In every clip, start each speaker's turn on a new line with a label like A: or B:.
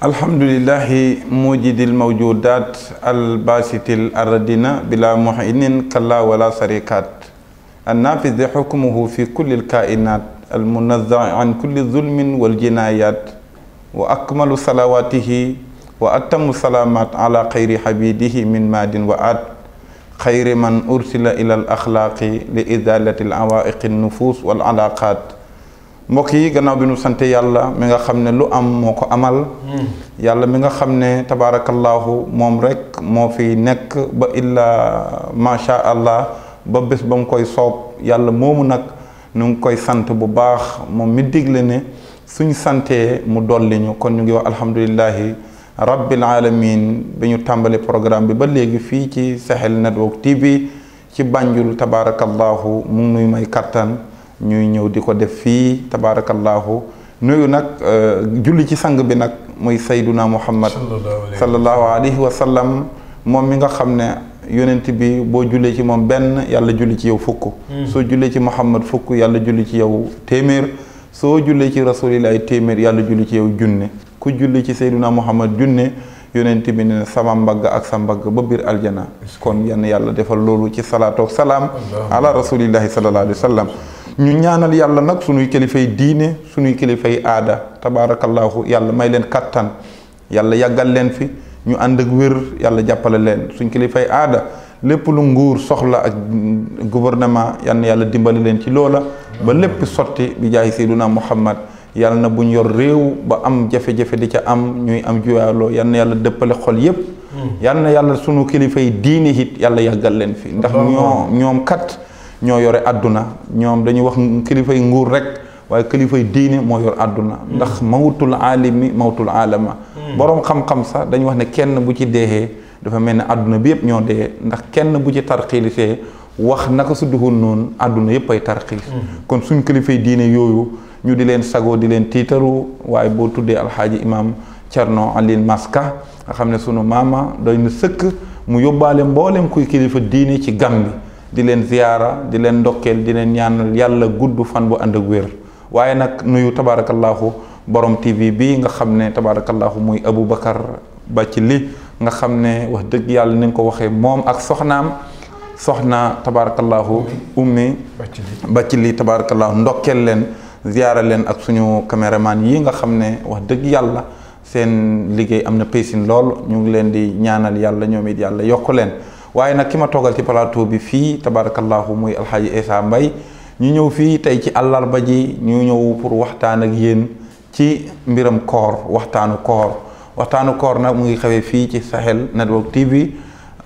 A: الحمد لله موجد الموجودات الباسط الأردن بلا محين كلا ولا سريكات النافذ حكمه في كل الكائنات المنزع عن كل ظلم والجنايات وأكمل صلواته وأتم سلامات على خير حبيده من ماد وآت خير من أرسل إلى الأخلاق لإزالة العوائق النفوس والعلاقات mbokk yi gannaaw bi nu sant yàlla mi nga xam ne lu am moo ko amal hmm. yàlla mi nga xam ne tabaarakallaahu moom rek moo fi nekk ba illaa macha allah ba bés ba mu koy soob yàlla moomu nag nu ngi koy sant bu baax moom mi digle ne suñ santee mu dolli ñu kon ñu ngi wax alhamdulilahi rabbil alamin bi ñu tàmbali programme bi ba léegi fii ci Sahel Network TV ci bànjul tabaarakallaahu mu ngi nuy may kattan ñuy ñëw di ko def fii tabaarakallaahu nuyu nag euh, julli ci sang bi nag muy sayduna muhammad sallallahu alayhi wa sallam moom mi nga xam ne yonent bi boo jullee ci moom benn yàlla julli ci yow fukk hmm. soo jullee ci muhammad fukk yàlla julli ci yow téeméer soo jullee ci rasulillah téeméer yàlla julli ci yow junne ku julli ci sayduna muhammad junne yonent bi ne sama mbagg ak sa mbagg ba biir aljana kon yenn yàlla defal loolu ci salaatu salaam ala rasulillahi sallallahu alayhi wa ñu ñaanal yàlla nag suñuy kilifay diine suñuy kilifay aada tabaarakallaahu yàlla may leen kattan yàlla yàggal leen fi ñu ànd ak wér yàlla jàppale leen suñ kilifay aada lépp lu nguur soxla ak gouvernement yal yàlla dimbali leen ci loola ba lépp sotti bi jaay seyduna muhammad yàlla na buñ yor réew ba am jafe-jafe di ca am ñuy am juyaaloo yal na yàlla dëppale xol yépp hmm. yal na yàlla sunu kilifay diine it yàlla yàggal leen fi ndax ñoom kat ñoo yore àdduna ñoom dañuy wax kilifay nguur rek waaye kilifay diine moo yor àdduna mm. ndax mawtul aalimi mawtul aalama mm. boroom xam-xam sax dañuy wax ne kenn bu ci deexee dafa mel ne àdduna bi yëpp ñoo dee ndax kenn bu ci tarxiilisee wax naka su duxul noonu àdduna yëpp ay tarxiis mm. kon suñ kilifay diine yooyu ñu di leen sagoo di leen tiitaru waaye boo tuddee alxaaji imaam Cerno Alin Maska nga xam ne sunu maama doy na sëkk mu yóbbaale mboolem kuy kilifa diine ci Gàmbi di leen ziyaara di leen ndokkeel di leen ñaanal yàlla gudd fan bu ànd ak wér waaye nag nuyu tabaarakallaahu borom TV bi nga xam ne tabaarakallaahu muy Aboubacar li nga xam ne wax dëgg yàlla ni nga ko waxee moom ak soxnaam soxna tabaarakallaahu ummi Bathily tabaarakallaahu ndokkeel leen ziyaara leen ak suñu caméraman yi nga xam ne wax dëgg yàlla seen liggéey am na paysin lool ñu ngi leen di ñaanal yàlla ñoom it yàlla yokk leen waaye nag ki ma toogal ci palaato bi fii tabarakallahu muy alxaaji Issa mbay ñu ñëw fii tey ci àllarba ji ñu ñëw pour waxtaan ak yéen ci mbiram koor waxtaanu koor waxtaanu koor nag mu ngi xewee fii ci Sahel Network TV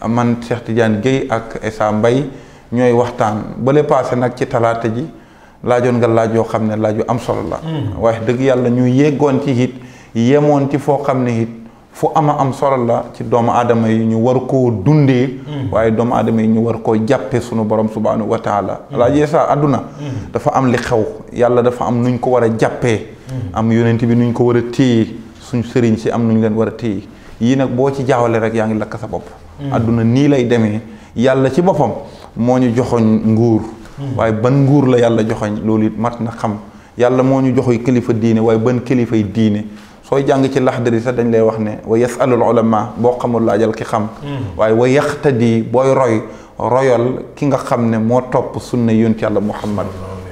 A: man Cheikh Tidiane Guèye ak Issa mbay ñooy waxtaan ba le nag ci talaata ji laajoon nga laaj yoo xam ne laaj yu am solo la mm. waaye dëgg yàlla ñu yeggoon ci it yemoon ci foo xam ne it fu ama am solo la ci doomu aadama yi ñu war koo dundee mm. waaye doomu aadama yi ñu war koo jàppee sunu borom subhanahu wa taala alaaji sax àdduna mm. dafa am li xew yàlla dafa am nuñ ko war a jàppee mm. am yonent bi nuñ ko war a téye suñ sëriñ si am nuñ leen war a téye yii nag boo ci jaawale rek yaa ngi lakk sa bopp àdduna nii lay demee yàlla ci boppam moo ñu joxoñ nguur waaye ban nguur la yàlla joxoñ loolu it mat na xam yàlla moo ñu joxoy kilifa diine waaye ban kilifay diine soy jàng ci laxdari sa dañ lay wax ne way yasalul ulama bo xamul lajal ki xam way way yaxtadi boy roy royal ki nga xam ne moo topp sunna yonent yàlla muhammad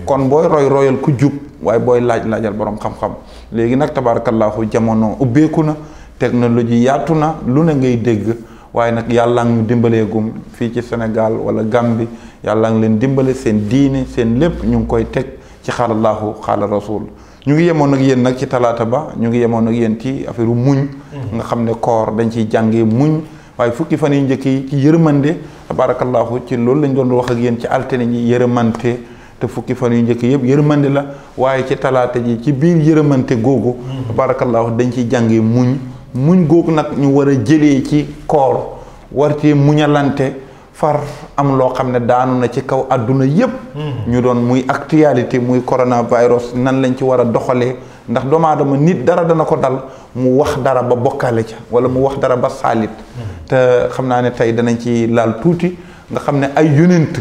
A: kon boy roy royal ku jup way boy laj lajal borom xam-xam legi nak tabarakallah jamono ubbeeku na technologie yaatu lu ne ngay deg way nak yàlla ngi gum fi ci Sénégal wala gambi yàlla ngi len dimbale sen diine sen lépp ñu koy tek ci xaalallahu khala rasul ñu ngi yemoon ak yéen nag ci talaata ba ñu ngi yemoon ak yéen ci affaire muñ mm-hmm. nga xam ne koor dañ ciy jàngee muñ waaye fukki fan yu njëkk yi ci yërëmande tabaarakallaahu ci loolu lañ doon wax ak yéen ci altine ñi yërëmante te fukki fan yu njëkk yëpp yërëmande la waaye ci talaata ji ci biir yërëmante googu mm-hmm. tabaarakallaahu dañ ciy jàngee muñ muñ googu nag ñu war a jëlee ci koor war cee muñalante far am loo xam ne daanu na ci kaw àdduna yépp hmm. ñu doon muy actualité muy coronavirus nan lañ ci war a doxalee ndax doomu aadama nit dara dana ko dal mu wax dara ba bokkale ca wala mu wax dara ba saalit hmm. te xam naa ne tey danañ ci laal tuuti nga xam ne ay yonent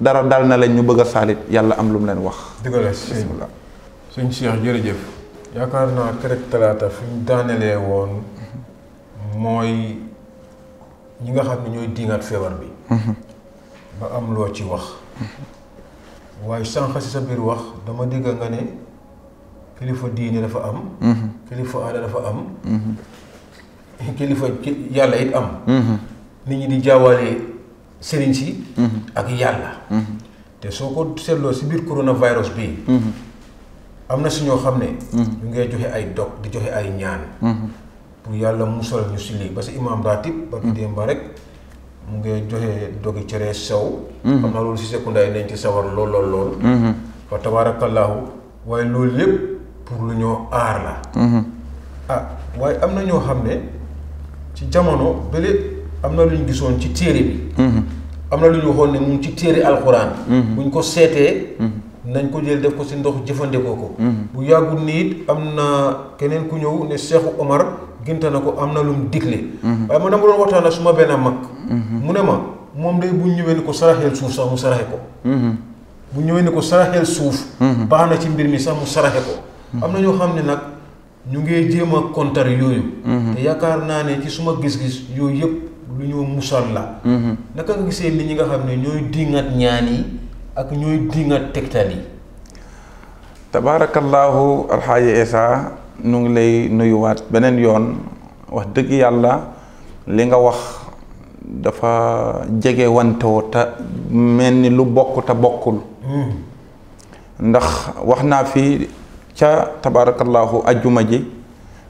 A: dara dal na lañ ñu bëgg a saalit yàlla am lu mu leen wax
B: bismillah suñ Cheikh jërëjëf yaakaar naa keroog talaata fi ñu daanelee woon mooy ñi nga xam ne ñooy diingaat feebar bi ba am loo ci wax waaye sànq si sa biir wax dama dégg nga ne kilifa diine dafa am kilifa aada dafa am kilifa yàlla it am nit ñi di jaawaale sëriñ si ak yàlla te soo ko seetloo si biir coronavirus bi am na si ñoo xam ne ñu ngay joxe ay dog di joxe ay ñaan pour yàlla musal ñu si lii ba si imaam ratib ba ki ba rek mu ngi joxe dogi cere sew. Mm-hmm. xam naa loolu si secondaire yi nañ ci sawar lool lool lool. Mm-hmm. fa tabaarakallaahu waaye loolu lépp pour lu ñoo aar la. Mm-hmm. ah waaye am na ñoo xam ne ci jamono bële am na lu ñu gisoon ci téere bi. am na lu ñu waxoon ne mu ci téere alxuraan. buñ ko seetee. nañ ko jël def ko si ndox jëfandikoo ko. bu yàggul niit am na keneen ku ñëw ne Cheikh Omar. gënte na ko am na lum digle. waaye man dama doon waxtaan ak suma benn mag. mu ne ma moom day bu ñëwee ni ko saraxeel suuf sax mu saraxe ko. bu ñëwee ni ko saraxeel suuf. baax na ci mbir mi sax mu saraxe ko. am na ñoo xam ne nag ñu ngee jéem a kontar yooyu. te yaakaar naa ne ci suma gis-gis yooyu yëpp lu ñu musal la. naka gisee li ñi nga xam ne ñooy diingat ñaan yi ak ñooy diingat tegtal yi.
A: tabaarakallaahu alxaaji Essa nu ngi lay nuyuwaat beneen yoon wax dëgg yàlla li nga wax dafa jege wantewoo te mel ni lu bokk te bokkul hmm. ndax wax naa fi ca tabaarakallaahu ajjuma ji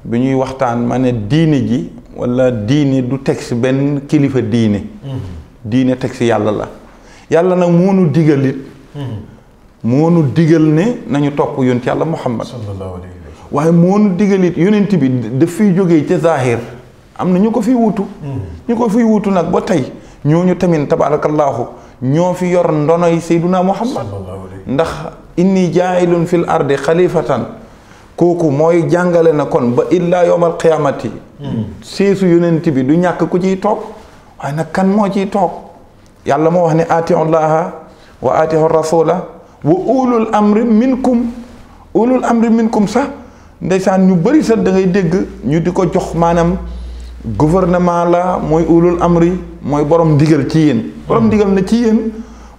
A: bi ñuy waxtaan ma ne diine ji walla diine du texte benn kilifa diine hmm. diine texte yàlla la yàlla nag moonu digalit hmm. moonu digal ne nañu topp ci yàlla muhammad sallallahu alayhi waaye moonu digalit yonent bi daf fi joge ci zahir amna ñuko fi wutu ñuko fi wutu nak ba tey ñooñu tamit tabarakallah ñoo fi yor ndonoy sayyiduna muhammad ndax inni ja'ilun fil ardi khalifatan koku moy jàngale na kon ba illaa yowmal qiyamati sesu yonent bi du ñak ku ci tok way nak kan mo ci tok yàlla mo wax ni ati allah wa ati ar rasula wa ulul amri minkum ulul amri minkum sa ndeysaan ñu bëri sax da dégg ñu di ko jox maanaam gouvernement la mooy ulul amri mooy borom ndigal ci yéen borom ndigal na ci yéen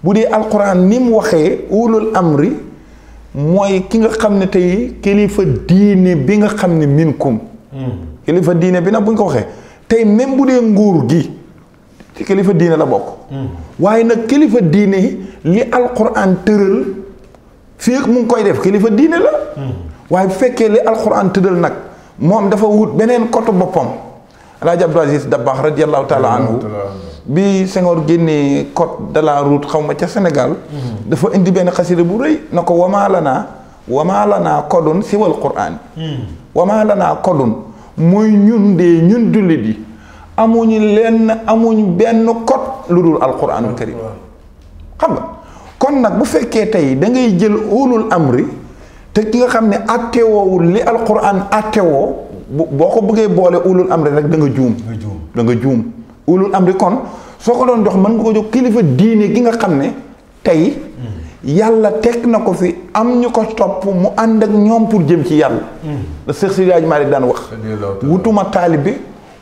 A: bu dee alquran ni mu waxee ulul amri mooy ki nga xam ne tey kilifa diine bi nga xam ne minkum hmm. kilifa diine bi nag bu ñu ko waxee tey même bu dee nguur gi ci kilifa diine la bokk hmm. waaye nag kilifa diine li alquran tëral fii mu ngi koy def kilifa diine la hmm. waye bu fekkee li alquran tëddal nak mom dafa wut benen côté bopom alaaji Abdou Aziz Dabakh radiallahu taala anhu bi Senghor genné cote de la route xawma ci Sénégal dafa indi ben xasida bu reuy nako wama lana wama lana lanaa kodun siwal quraan wama lana kodun moy ñun de ñun jullit yi amuñu len amuñ ben cote lu alquran alquraanul karim xam nga kon nak bu fekke tay da ngay jël ulul amri te ki nga xam ne attewoowul li alquran attewoo boo ko bëggee boole ulul am rek da nga juum da nga juum ulul amri kon soo ko doon jox mën nga ko jox kilifa diine ki nga xam ne tey yàlla teg na ko fi am ñu ko topp mu ànd ak ñoom pour jëm ci yàlla mm. da Seex Sidi Aj Maalik daan wax wutuma taalibe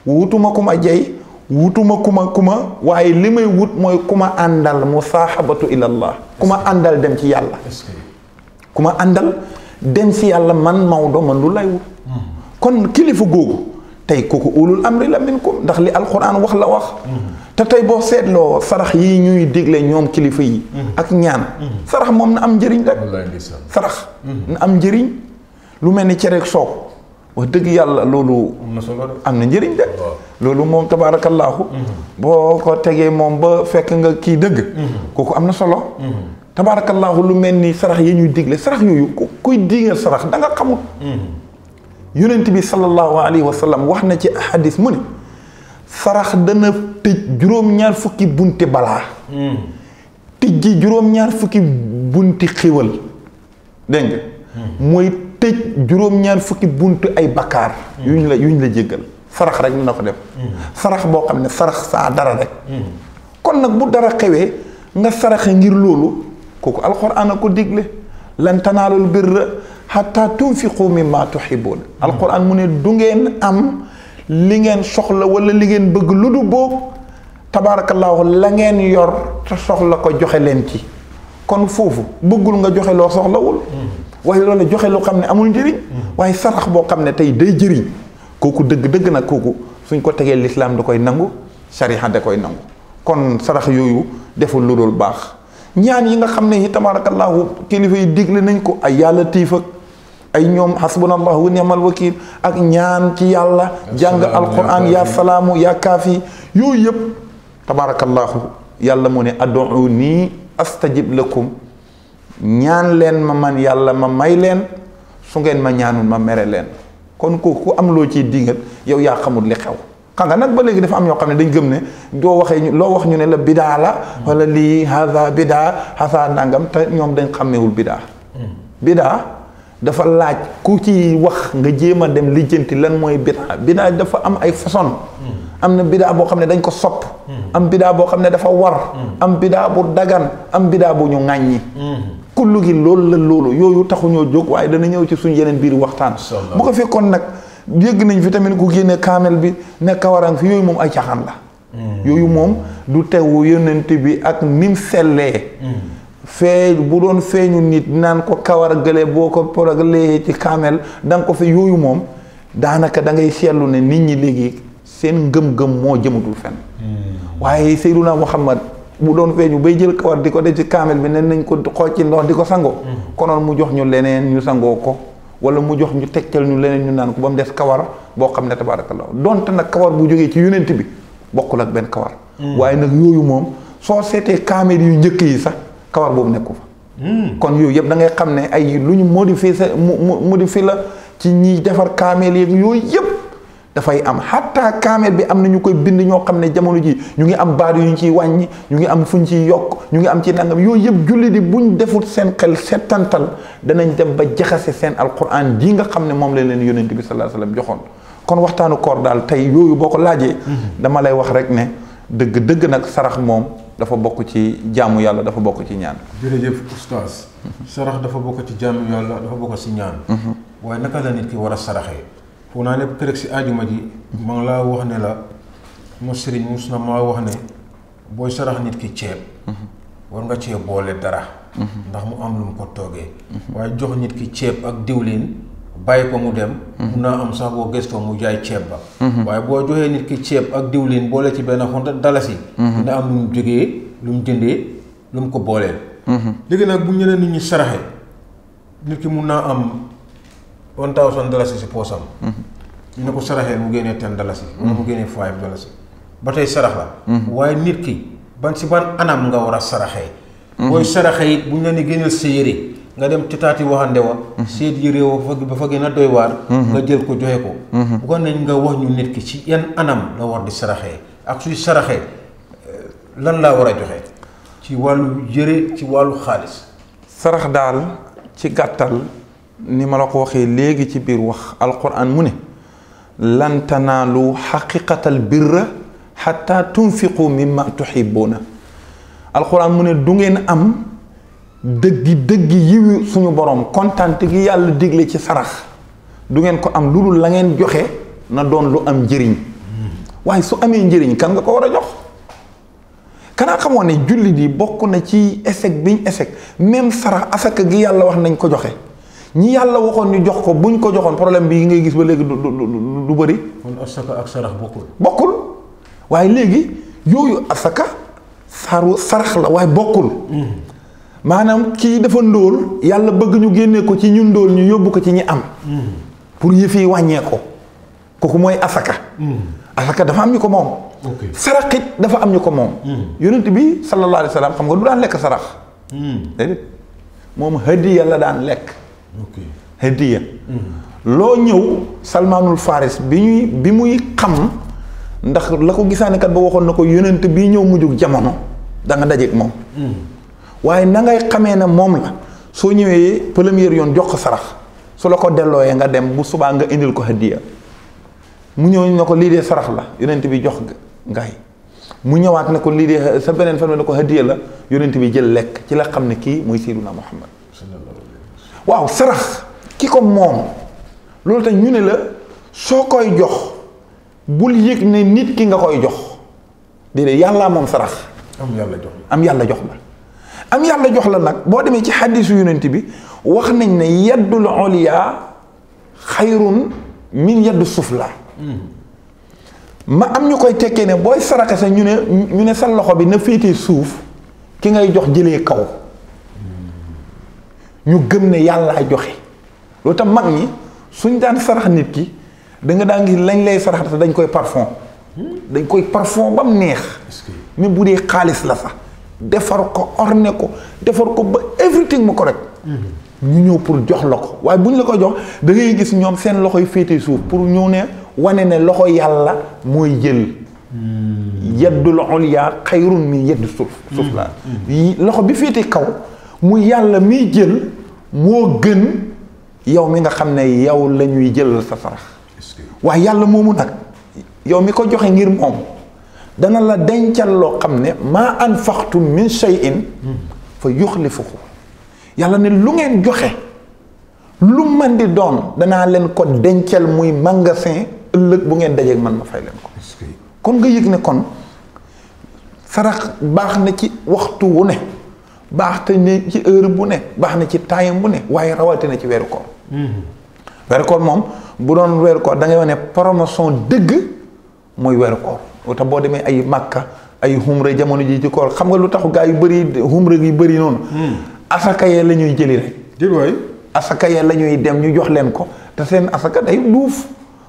A: wutuma ku ma jey wutuma ku ma ku ma waaye li may wut mooy ku ma àndal mu saaxabatu ilallah ku ma àndal dem ci yàlla ku àndal dem si yàlla man Maodo man lu lay wut kon kilifa googu tey kooku ulul amri la minkum ndax li alquran wax la wax te tey boo seetloo sarax yi ñuy digle ñoom kilifa yi ak ñaan sarax moom na am njariñ rek sarax na am njëriñ lu mel ni cereeg soog wax dëgg yàlla loolu am na njëriñ de loolu moom tabaarakallaahu mhm. boo ko tegee moom ba fekk nga kii dëgg mhm. kooku am na solo mhm. tabaarakallaahu lu mel ni sarax yi ñuy digle sarax yooyu ku kuy diingal sarax da nga hmm. yonent bi sallallahu alayhi wa sallam wax na ci hadis mu ne sarax dana tëj juróom-ñaar fukki bunti balaa. Hmm. tijji juróom-ñaar hmm. mooy tëj juróom-ñaar fukki buntu ay bakkaar. yuñ la yuñ la jéggal sarax rek dina ko def. boo xam ne sarax saa dara kon nag bu dara xewee nga saraxe ngir loolu. kooku alquran a ko digle lan tanaalul birra xataa tunfiqu mimma tuhibbun alquran mu ne du ngeen am li ngeen soxla wala li ngeen bëgg lu du boobu tabaarakallaahu la ngeen yor te soxla ko joxe leen ci kon foofu bëggul nga joxe loo soxlawul waaye loolu joxe loo xam ne amul njëriñ waaye sarax boo xam ne tey day jëriñ kooku dëgg dëgg nag kooku suñ ko tegee lislaam da koy nangu sariha da koy nangu kon sarax yooyu deful lu dul baax ñaan yi nga xam ne yi tabaarakallaahu kilifa yi digle nañ ko ay yàlla tiif ay ñoom hasbunallahu wa ni'mal wakiil ak ñaan ci yàlla jàng alquran yaa salaamu yaa kaafi yooyu yëpp tabaarakallaahu yàlla mu ne ad'uunii astajib lakum ñaan leen ma man yàlla ma may leen su ngeen ma ñaanul ma mere leen kon ko ku am loo ci dingat yow yaa xamul li xew xam nga nag ba léegi dafa am ñoo xam ne dañ gëm ne doo waxee ñu loo wax ñu ne la bidaa la wala lii haza bidaa haza nangam te ñoom dañ xàmmewul bidaa bidaa dafa laaj ku ci wax nga jéem a dem lijjanti lan mooy bidaa bidaa dafa am ay façon am na bidaa boo xam ne dañ ko sopp am bidaa boo xam ne dafa war am bidaa bu dagan am bidaa bu ñu ŋàññi kullu gi loolu la loolu yooyu taxuñoo jóg waaye dana ñëw ci suñu yeneen biir waxtaan bu ko fekkoon nag yëgg nañ fi tamit ku génne kaamel bi ne kawarang fi yooyu moom ay caxaan la hmm. yooyu moom du tewu yonent bi ak nim sellee hmm. fee bu doon feeñu nit naan ko kawar gële boo ko poroglee ci kaamel da ko fi yooyu moom daanaka dangay ngay ne nit ñi léegi seen ngëm-ngëm moo jëmatul fenn hmm. waaye Seydunaa Muhammad bu doon feeñu bay jël kawar di ko def ci kaamel bi ne nañ ko xool ci ndox di ko sangoo konoon mu jox ñu leneen ñu sangoo ko wala mu jox ñu tegtal ñu leneen ñu naan ko ba mu des kawar boo xam ne tabaarakallah donte nag kawar bu jógee ci yonent bi bokkul ak benn kawar. Hmm. waaye nag yooyu moom soo seetee kaamil yu njëkk yi sax kawar boobu nekku fa. Hmm. kon yooyu yëpp da ngay xam ne ay lu ñu di fi sa mu modifié la ci ñiy defar kaamil yeeg yooyu yëpp. dafay am xatta kaameel bi am na ñu koy bind ñoo xam ne jamono ji ñu ngi am baar yu ñu ciy wàññi ñu ngi am fu ñu ciy yokk ñu ngi am ci nangam yooyu yëpp julli di buñ deful seen xel settantal danañ dem ba jaxase seen alquran ji nga xam ne moom la leen yonent bi sallallahu alayhi wasallam joxoon kon waxtaanu koor daal tey yooyu boo ko laajee mhm. dama lay wax rek ne dëgg nag sarax moom dafa bokk ci jaamu yàlla dafa bokk ci ñaan
B: jërëjëf oustaz mhm. sarax dafa bokk ci jaamu yàlla dafa bokk ci ñaan mhm. waaye naka la nit ki war a saraxee foog naa ne kër si ajuma ji ma ngi laa wax ne la ma sëriñ mus na maa wax ne booy sarax nit ki ceeb war nga cee boole dara ndax mu am lu mu ko toogee waaye jox nit ki ceeb ak diwlin bàyyi ko mu dem mun naa am sax boo gëstoo mu jaay ceeb ba waaye boo joxee nit ki ceeb ak diwlin boole ci benn xont dalasi dina am lu mu jógee lu mu jëndee lu mu ko booleel mhm. léegi nag bu ñeneen nit ñi saraxee nit ki mun naa am one thousand dalasi si poosam mhm. ñu ne ko saraxee mu génnee ten dalasi wala mu mhm. génnee five dalasi ba tey sarax la mhm. waaye nit ki ban si ban anam nga war a saraxee booy saraxe yi bu ñu la ne génneel sa yére nga dem ci taati waxande wa seet yére wa ba fa gën a doy waar nga jël ko joxe ko bu ko nañ nga wax ñu nit ki ci yan anam la war di saraxee ak suy saraxee eh, lan laa war a joxe ci wàllu yére
A: ci wàllu xaalis sarax daal ci gàttal ni ma la ko waxee léegi ci biir wax alquran mu ne lan tanaalu xaqiqatal birra xataa tunfiqu mimma tuxibuuna alquran mu ne du ngeen am dëggi dëggi yiwi suñu borom kontaan gi yàlla digle ci sarax du ngeen ko am lu dul la ngeen joxe na doon lu am njëriñ waaye su amee njëriñ kan nga ko war a jox kanaa xamoon ne jullit yi bokk na ci échec biñ échec même sarax asaka gi yàlla wax nañ ko joxe ñi yàlla waxoon ñu jox ko buñ ko joxoon problème bi yi ngay gis ba léegi du du du bëri.
B: kon asaka ak sarax bokkul.
A: bokkul waaye léegi yooyu asaka saru sarax la waaye bokkul. Hmm. maanaam kii dafa ndóol yàlla bëgg ñu génne ko ci ñu ndóol yóbbu ko ci ñi am. Hmm. pour yëf yi wàññee kooku mooy hmm. asaka. dafa am ñu ko moom. dafa am ñu ko moom. yonent bi sallallahu alayhi xam nga du daan lekk sarax. déedéet moom hadiya la daan lekk. hadiya Lo nyu salmanul faris bi ñuy bi muy xam ndax la ko gisaane kat ba waxoon na ko yonent mom. ñëw mujjug jamono da nga mom. moom hmm. waaye na ngay xamee ne moom la soo ñëwee première yoon jox ko sarax su la ko dellooyee nga dem bu subaa nga indil ko hadiya mu ñëw ne ko de sarax la yonent bi jox ngay mu ñëwaat ne ko de sa ko hadiya la yonent bi jël lek ci la xam ne kii sayyiduna muhammad waaw sarax ki ko moom loolu tax ñu ne la soo koy jox bul yëg ne nit ki nga koy jox déedéet yàllaa moom sarax am yàlla jox am yàlla jox la am yàlla jox la nag boo demee ci xaddisu yonent bi wax nañ ne yaddul oliya xayrun min yaddu sufla ma am ñu koy tekkee ne booy saraxe sa ñu ne ñu ne sa loxo bi na féetee suuf ki ngay jox jëlee kaw ñu gëm ne yàllaa joxe loo tam mag ñi suñ daan sarax nit ki danga nga daan gis lañ lay sarax te dañ koy parfum dañ koy parfum ba neex même bu dee xaalis la sax defar ko orne ko defar ko ba everything ko rek mm-hmm. ñu ñëw pour jox la ko waaye bu ñu la ko jox da gis ñoom seen loxo yi féete suuf pour ñëw ne wane ne loxo yàlla mooy jël mm-hmm. yeddul ulya xayrun min yeddu suuf suuf la mm-hmm. loxo bi féete kaw mu yàlla miy jël moo gën yow mi nga xam ne yow lañuy ñuy jëlal sa sarax waaye yàlla moomu nag yow mi ko joxe ngir moom dana la dencal loo xam ne maa anfaqtum min shay'in fa yuxlifuhu yàlla ne lu ngeen joxe lu man di doon dana leen ko dencal muy màngasin ëllëg bu ngeen dajeeg man ma fay leen ko kon nga yëg ne kon sarax baax na ci waxtu wu ne baax te ne ci heure bu ne baax na ci taayam bu ne waaye rawatina ci
B: mm-hmm.
A: weeru koor. moom bu doon weeru koor da ngay wax ne promotion dëgg mooy weeru koor te boo demee ay Makka ay humra jamono ji ci koor xam nga lu taxu gaa yu bëri humra gi bëri noonu. Mm. asaka yee la ñuy jëli rek. jël asaka yee la ñuy dem ñu jox leen ko te seen asaka day duuf.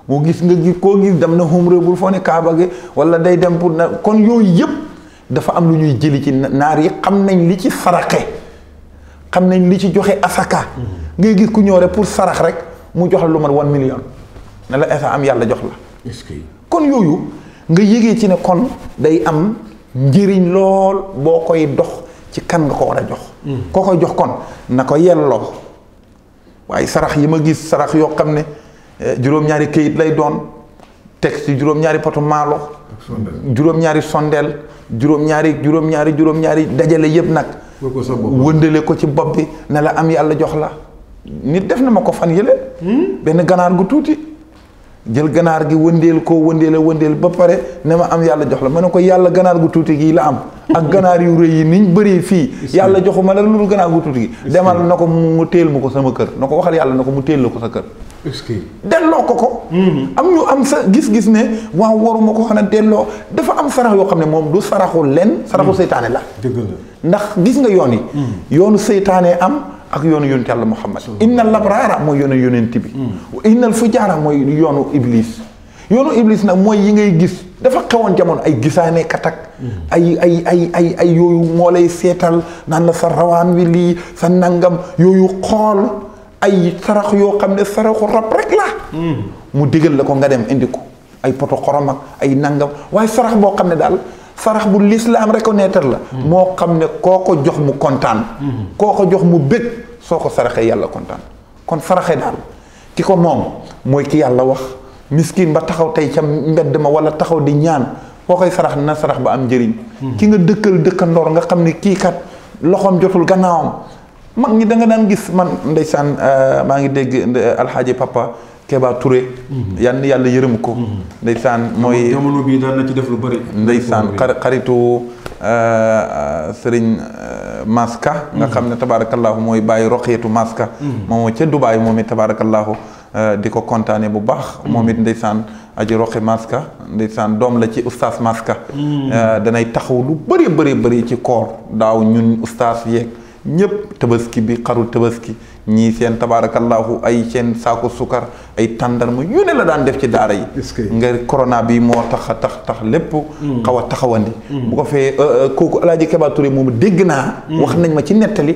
A: moo gis nga gis koo gis dem na humra bul foo ne Kaaba gi wala day dem pour na kon yooyu yëpp. dafa am lu ñuy jëli ci naar yi xam nañ li ci saraxe xam nañ li ci joxe asaka mm-hmm. ngay gis ku ñoore pour sarax rek mu jox la lu mat one million ne la instant am yàlla jox la kon yooyu nga yëgee ci ne kon day am njëriñ lool boo koy dox ci kan nga ko war a jox mm-hmm. koo jox kon na ko yelloo waaye sarax yi ma gis sarax yoo xam ne eh, juróom-ñaari këyit lay doon teg ci juróom-ñaari potu juróom-ñaari sondeel juróom-ñaari juróom-ñaari juróom-ñaari dajale yëpp nag. wëndale ko ci bopp bi na la am yàlla jox la. nit def na ma ko fan yële. Hmm? benn ganaar gu tuuti. jël ganaar gi wëndeel ko wëndeel wëndeel ba pare ne ma am yàlla jox la ma ne ko yàlla ganaar gu tuuti gii la am. ak ganaar yu rëy yi niñ bëree fii. yàlla joxu ma la lu dul ganaar gu tuuti gi. demal na ko mu teel ma ko sama kër na ko waxal yàlla na ko mu teel la ko sa kër. delloo ko ko. Mhm. am ñu am sa gis-gis ne waaw waruma ko xanaa delloo dafa am sarax yoo xam ne moom du saraxu leen. saraxu mhm. seytaane la. dëgg ndax gis nga yoon yi. Mhm. yoonu seytaane am. ak yoonu yonent yàlla Muhammad inna labraara mooy yoonu yonent bi innal fujaara mooy yoonu iblis yoonu iblis nag mooy yi ngay gis dafa xewoon jamono ay gisaane katak ay ay ay ay ay yooyu moo lay seetal naan la sa rawaan wi lii sa nangam yooyu xool ay sarax yoo xam ne saraxu rab rek la hmm. mu digal la ko nga dem indi ko ay poto xorom ak ay nangam waaye sarax boo xam ne daal sarax bu lislaam reconnaître la hmm. moo xam ne koo ko jox mu kontaan hmm. koo ko jox mu bëgg soo ko saraxee yàlla kontaan kon saraxe daal ki ko moom mooy ki yàlla wax miskin ba taxaw tey ca mbedd ma wala taxaw di ñaan boo koy sarax na sarax ba am njëriñ ki nga dëkkal dëkkandoor nga xam ne kii kat loxoom jotul gannaawam mag ñi danga daan gis man ndeysaan euh, maa ngi dégg alxaaji papa Keba Touré. Mhm. yal yàlla yërëm ko. Mhm. ndeysaan mooy jamono bii daan ci def lu bëri. ndeysaan xaritu euh, Serigne euh, Maska. nga mhm. xam ne tabaarakallaahu mooy bàyyi roqeetu Maska. moom ca Dubaay moom it tabaarakallaahu di ko kontaane bu baax. moom it ndeysaan aji roqi Maska ndeysaan doom la ci ustaas Maska. danay taxaw lu bëri bëri bëri ci koor daaw ñun ustaas yeeg. ñëpp tabaski bi xaru tabaski ñii seen tabaarakallaahu ay seen saako sukar ay tàndarma yu ne la daan def ci daara yi. nga corona bi moo tax a tax tax lépp. Mm. xaw a taxawandi. Mm. bu ko fee euh, euh, kooku El Hadj Keba Touré moom dégg naa. Mm. wax nañ ma ci nettali.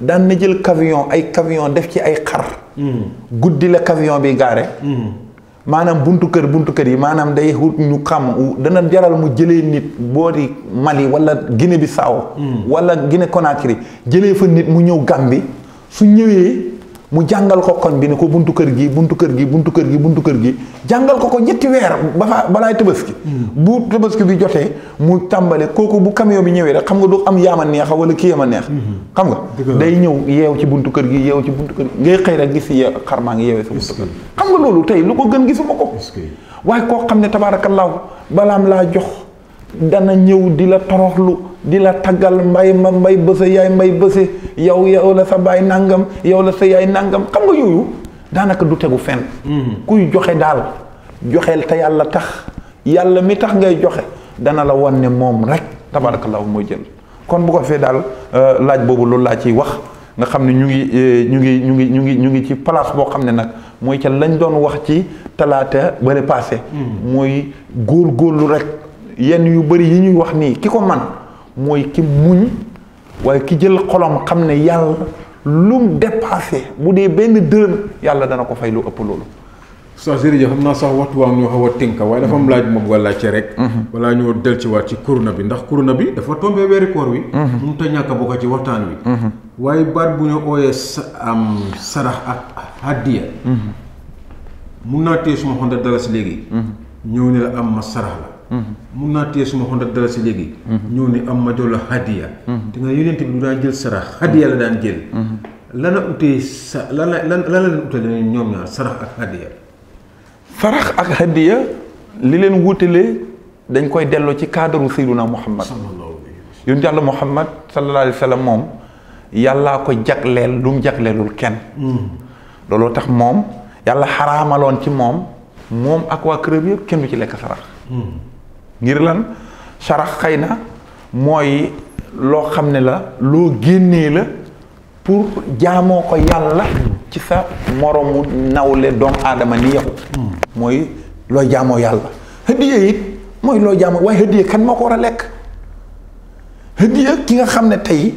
A: daan na jël camion ay camion def ci ay xar. guddi la camion bi gaare. maanaam buntu kër buntu kër yi maanaam day wut ñu xam dana jaral mu jëlee nit boori Mali wala bi Bissau hmm. wala Guinée Conakry jëlee fa nit mu ñëw Gambie su ñëwee mu jàngal ko koñ bi ne ko buntu kër gi buntu kër gi buntu kër gi buntu kër gi jàngal ko ko ñetti weer ba fa balaay tabaski hmm. bu tabaski bi jotee mu tàmbale kooku bu camion bi ñëwee rek xam nga du am yaama neex wala kii a neex hmm. xam nga day ñëw yeew ci buntu kër gi yeew ci buntu kër gi ngay xëy rek gis yeew xar maa ngi yeewee sa buntu kër xam nga loolu tey lu ko gën gisuma ko waaye koo xam ne tabaarakallaahu balaam laa jox dana ñëw di la toroxlu di la taggal mbay ma mbay bëse yaay mbay bëse yow yow la sa baay nangam yow la sa yaay nangam xam nga yooyu daanaka du tegu fenn. Mhm. kuy joxe daal joxeel te yàlla tax yàlla mi tax ngay joxe dana la wan ne moom rek tabarakallahu mooy jël kon bu fee daal euh, laaj boobu loolu laa ciy wax nga xam ne ñu ngi euh, ñu ngi ñu ngi ñu ngi ñu ngi ci place boo xam ne nag mooy ca lañ doon wax ci talaata bële passé mhm. mooy góor góorlu rek yenn yu bëri yi ñuy wax nii ki ko man mooy ki muñ waaye ki jël xolom xam ne yàlla mu dépassé bu dee benn dërëm yàlla dana ko fay lu ëpp loolu
B: sa jërëjëf xam naa sax waxtu waa ñoo xaw a tënka waaye dafa am mhm. laaj moom wala ci rek wala mhm. ñoo del ci waat ci corona bi ndax kuruna bi dafa tombee weeri koor wi mhm. mu te ñàkk a ci waxtaan wi waaye baat bu ñu ooyee am sarax ak hàddiya mun naa téye suma xonta dalas léegi ñëw ne la am ma sarax la Mm-hmm. mun naa téye suma hundred dalasi léegi mm-hmm. ñëw ni am ma jox la hadiya mm-hmm. te nga yonent bi du daan jël sarax hadiya la daan jël lana utee sa lan la lan la leen utale ñoom ñaar sarax ak
A: hadiya sarax ak hadiya li leen wutale dañ koy dellu ci cadre Seyduna Muhammad yonent yàlla Muhammad sallallahu alayhi wa sallam moom yàllaa ko jagleel lu mu jagleelul kenn looloo tax moom yàlla xaraamaloon ci moom moom ak waa këram yëpp kenn du ci lekk sarax ngir lan sarax xëy na mooy loo xam ne la loo génnee la pour jaamoo ko yàlla ci sa moromu nawle doomu aadama ni yow hmm. mooy looy jaamoo yàlla hëddiya it mooy loo jaamoo waaye hëddiya kan moo ko war a lekk hëddiya ki nga xam ne tey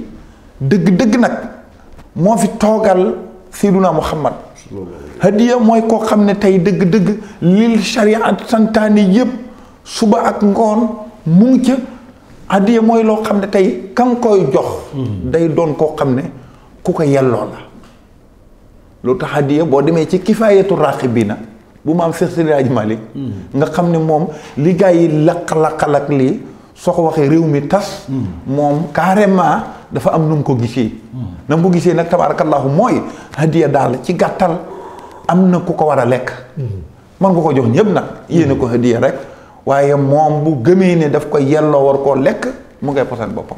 A: dëgg-dëgg nag moo fi toogal Seyduna Muhammad hëddiya mooy koo xam ne tey dëgg-dëgg lil shariat santaane yépp suba ak ngoon mu ngi ca addiya mooy loo xam ne tey kan koy jox hmm. day doon koo xam ne ku ko yelloo la loolu tax addiya boo demee ci kifaayatu raqi bi nag bu maam am Seydi Hadji hmm. nga xam ne moom li gaa yi laq-laqal ak lii soo ko waxee réew mi tas hmm. moom carrément dafa am nu ko gisee na mu ko gisee nag tabaarakallaahu mooy hadiya daal ci gàttal am na ku ko war a lekk man nga ko jox ñëpp nag yéene ko hadiya rek waye mom bu gëmé ne daf koy yello war ko lek mu ngay posal bopam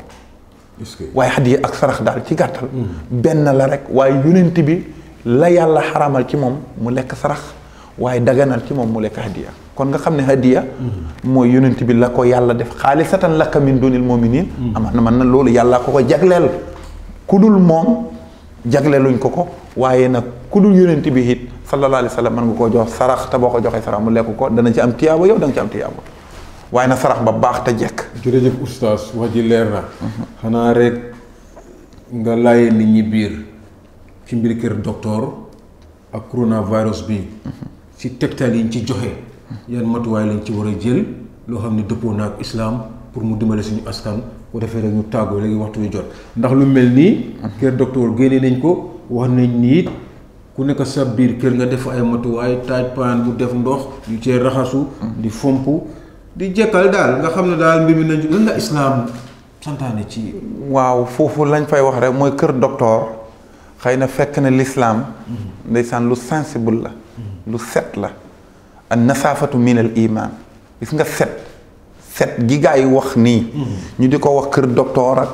A: waye hadi ak sarax dal ci gàttal ben la rek waye yonent bi la yàlla haramal ci mom mu lek sarax waye daganal ci mom mu lek hadiya kon nga xamné hadiya moy yonent bi la ko yàlla def khalisatan lak min dunil muminin amana man na lolu yàlla ko ko jaglel kudul mom moom jagleeluñ ko ko waye nak kudul dul bi hit sallallahu alayhi wa sallam mën nga koo jox sarax te boo ko joxee sarax mu lekk ko dana ci am tiyaabo yow da nga ci am tiyaabo waaye na sarax ba baax te jekk. jërëjëf oustaz wax ji leer na. xanaa rek nga
B: laajee nit ñi biir ci kër docteur ak coronavirus bi ci tegtal yi ñu joxe yan matuwaay lañ ci war a jël loo xam ne dëppoo na ak islam pour mu dimbale suñu askan bu defee rek ñu tàggoo léegi waxtu wi jot ndax lu mel nii. kër docteur génne nañ ko wax nañ ni ku nekk sa biir kër nga def ay matuwaay taaj paan bu def ndox yu cee raxasu mm. di fomp di jekkal daal nga xam
A: ne daal mbir mi nañ lan la islaam santaane ci waaw foofu lañ fay wax rek mooy kër doktoor xëy na fekk na lislaam mm-hmm. ndeysaan lu sensible la mm-hmm. lu set la an nasaafatu min al iman gis nga set set gi gaa yi wax nii mm-hmm. ñu di ko wax kër docteur ak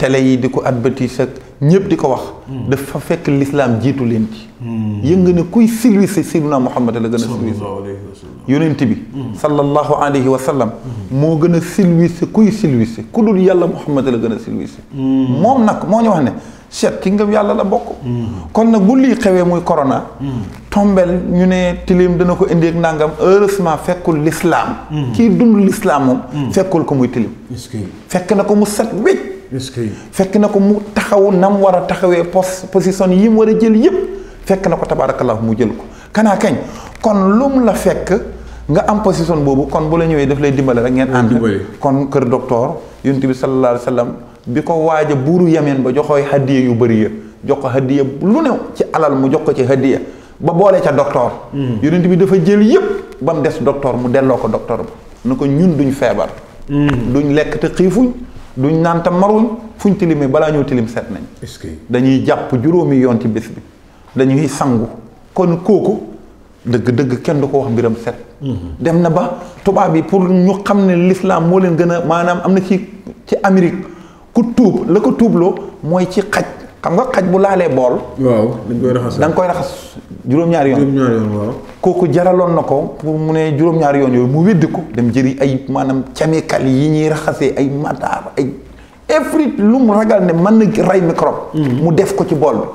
A: télé yi di ko advertise ak ñëpp di ko wax. dafa fekk lislaam jiitu leen ci. yëngu ne kuy silwise Seydina Muhammad la gën a silwise. yonent bi. Hmm. sallallahu alayhi wa sallam. moo gën a silwise kuy silwise ku dul yàlla Muhammad la gën a silwise. Hmm. moom nag moo ñu wax ne seet ki ngëm yàlla la bokk. Hmm. kon nag bu lii xewee muy korona tombel ñu ne tilim dana ko indi ak nangam heureusement fekkul lislaam kii dund lislaam moom. fekkul ko muy tilim. fekk na ko mu set wécc. fekk na ko mu taxaw mu war a taxawee pos position yi mu war a jël yëpp fekk na ko tabaarakallah mu jël ko kanaa kañ kon mu la fekk nga am position boobu kon bu la ñëwee daf lay dimbale rek ngeen ànd kon kër docteur yonent bi sallallahu alayhi wa sallam bi ko waaj buuru yamen ba joxooy hadiya yu bëri ya jox ko hadiya lu new ci alal mu jox ko ci hadiya ba boole ca docteur mm. yonent bi dafa jël yëpp ba mu des docteur mu delloo ko docteur ba na ko ñun duñ feebar mm. duñ lekk te xiifuñ duñ naan tam maruñ fuñ tilimee balaa ñoo tilim seet nañ. est dañuy jàpp juróomi yoon ci bés bi dañuy sangu kon kooku dëgg-dëgg kenn du ko wax biram set. Mhm. dem na ba tubaab yi pour ñu xam ne lislaam moo leen gën a maanaam am na ci ci Amérique ku tuub la ko tuubloo mooy ci xaj. xam nga xaj bu laalee bool. waaw dañ koy raxas da nga koy raxas juróom-ñaari yoon. kooku jaraloon na ko pour mu ne juróom-ñaari yoon yooyu mu wéddi ko dem jëri ay maanaam camikal yi ñuy raxasee ay mataar ay efrit lu mu ragal ne mën na rey microbe. Hmm. mu def ko ci bool bi.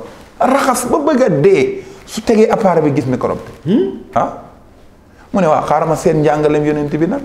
A: raxas ba bëgg a dee su tegee appareil bi gis microbe bi. Hmm? ah mu ne waaw xaaral ma seen njàngaleem yonent bi nag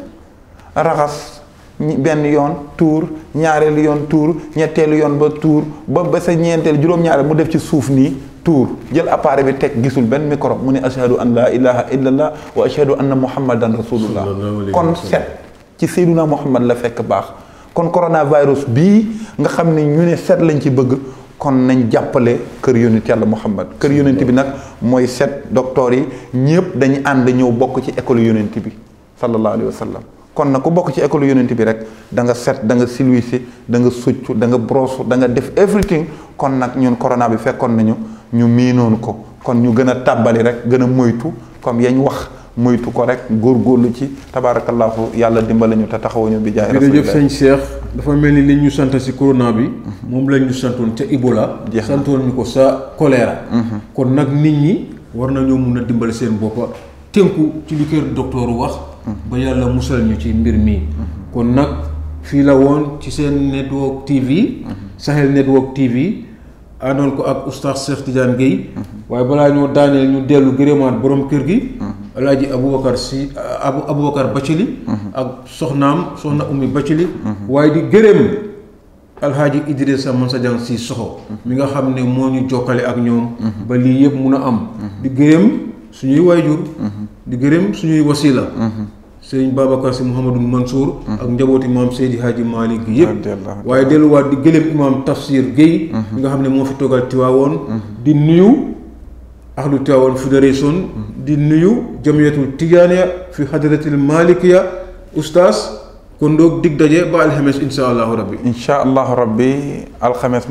A: raxas. benn yoon tuur ñaareelu yoon tuur ñetteelu yoon ba tuur ba ba sa ñeenteel juróom-ñaareel mu def ci suuf nii tuur jël appareil bi teg gisul benn microbe mu ne ashhadu an laa ilaha illallah wa ashhadu anna muhammadan rasulullah kon set ci seyduna muhammad la fekk baax kon coronavirus bii nga xam ne ñu ne set lañ ci bëgg kon nañ jàppale kër yonent yàlla muhammad kër yonent bi nag mooy set docteur yi ñëpp dañu ànd ñëw bokk ci école yonent bi sallallahu alayhi wa sallam kon na ku bokk ci école yonent bi rek danga nga set da nga silwisi da nga succ da nga brosse da nga def everything kon nag ñun corona bi fekkoon nañu ñu miinoon ko kon ñu gën a tàbbali rek gën a moytu comme yañ wax moytu ko rek góor góorgóorlu ci tabaarakallaahu yàlla dimbali ñu te taxawuñu bi jaay jërëjëf sëñ
B: Cheikh dafa mel ni li ñu sant si corona bi mhm. moom lañ ñu santoon ca Ebola santoon ñu ko sa choléra mhm. kon nag nit ñi war nañoo mun a dimbali seen boppa tënku ci li kër wax ba yàlla musal ñu ci mbir mi. kon nag fii la woon ci seen network TV. Sahel network TV. àndoon ko ak oustaz Cheikh Tidiane Gueye. waaye balaa ñoo daaneel ñu dellu gërëmaat boroom kër gi. El Hadj Aboubacar si Abu Aboubacar Bacili. ak soxnaam soxna Oumy Bacili. waaye di gërëm El Hadj Idrissa Mansa si soxo mi nga xam ne moo ñu jokkale ak ñoom. ba lii yëpp mun a am. di gërëm suñuy waajur. di suñuy wasila sëriñ Babacar si Mouhamadou Mansour ak njabooti maam Seydi haji Malick gi yëpp waaye delluwaat di gëlëm Tafsir nga fi di nuyu ahlu fédération di nuyu jamiyatul tijaaniya fi hadratil malikiya oustaz kon
A: doog dig daje ba insha rabbi insha allahu rabbi alxames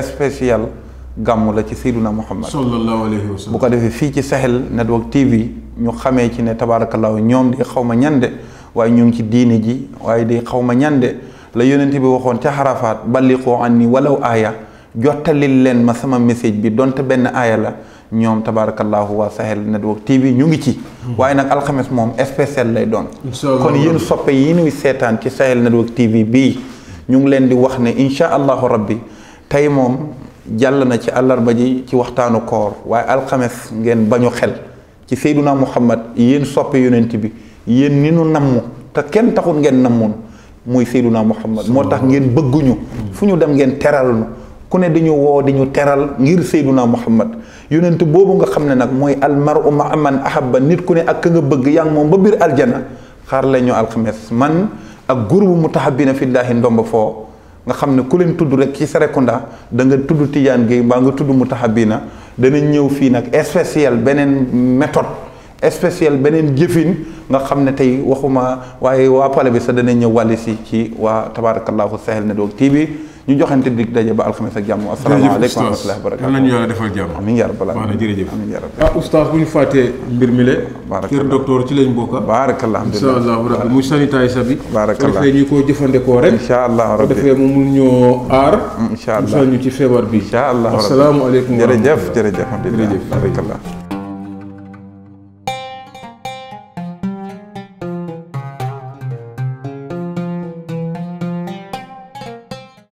A: spécial gamu la ci sayduna muhammad sallallahu alayhi wasallam bu ko defé fi ci Sahel network TV ñu xamé ci ne tabarakallah ñom di xawma ñande way ñu ngi ci diine ji way di xawma ñande la yonenti bi waxon ci harafat balliqoo anni walaw aya jotalil len ma sama message bi donte ben aya la ñom tabarakallah wa Sahel network TV ñu ngi ci waaye nag alxames mom spécial lay don kon yéen soppe yi ñu sétane ci Sahel network TV bi ñu ngi len di wax ne incha allahu rabbi tay mom jàll na ci àllarba ji ci waxtaanu koor waaye alxames ngeen bañu xel ci seyduna muhammad yéen soppe yonent bi yéen ni nu namm te kenn taxul ngeen nammoon muy seyduna muhammad moo tax ngeen bëgguñu fu ñu dem ngeen teral nu ku ne dañu woo di ñu teral ngir seyduna muhammad yonent boobu nga xam ne nag mooy almaru ma aman ahabba nit ku ne ak ka nga bëgg yaa ngi moom ba biir aljana xaar la ñu alxames man ak groupe mu taxabina fillahi ndomba foo nga xam ne ku leen tudd rek ci Serekunda da nga tudd Tidiane gi mbaa nga tudd mu tax bii na danañ ñëw fii nag spécial beneen méthode spécial beneen jëfin nga xam ne tey waxuma waaye waa pale bi sax danañ ñëw wàlli si ci waa tabarakallahu Sahel Network TV ñu joxante dig daje ba alxames ak jàmm asalaamaaleykum wa rahmatulah barakaatu nañu yàlla jëf ah
B: oustaz bu ñu fàttee mbir mi le kër docteur ci lañ bokka ah. baarakallah insha allahu rabbi muy sanitaisa bi baarakallah defee ñu ko jëfandikoo rek insha allahu rabbi defee mu mun ñoo aar insha allah ñu ci feebar bi insha allahu rabbi asalaamaaleykum jërëjëf jërëjëf jërëjëf baarakallah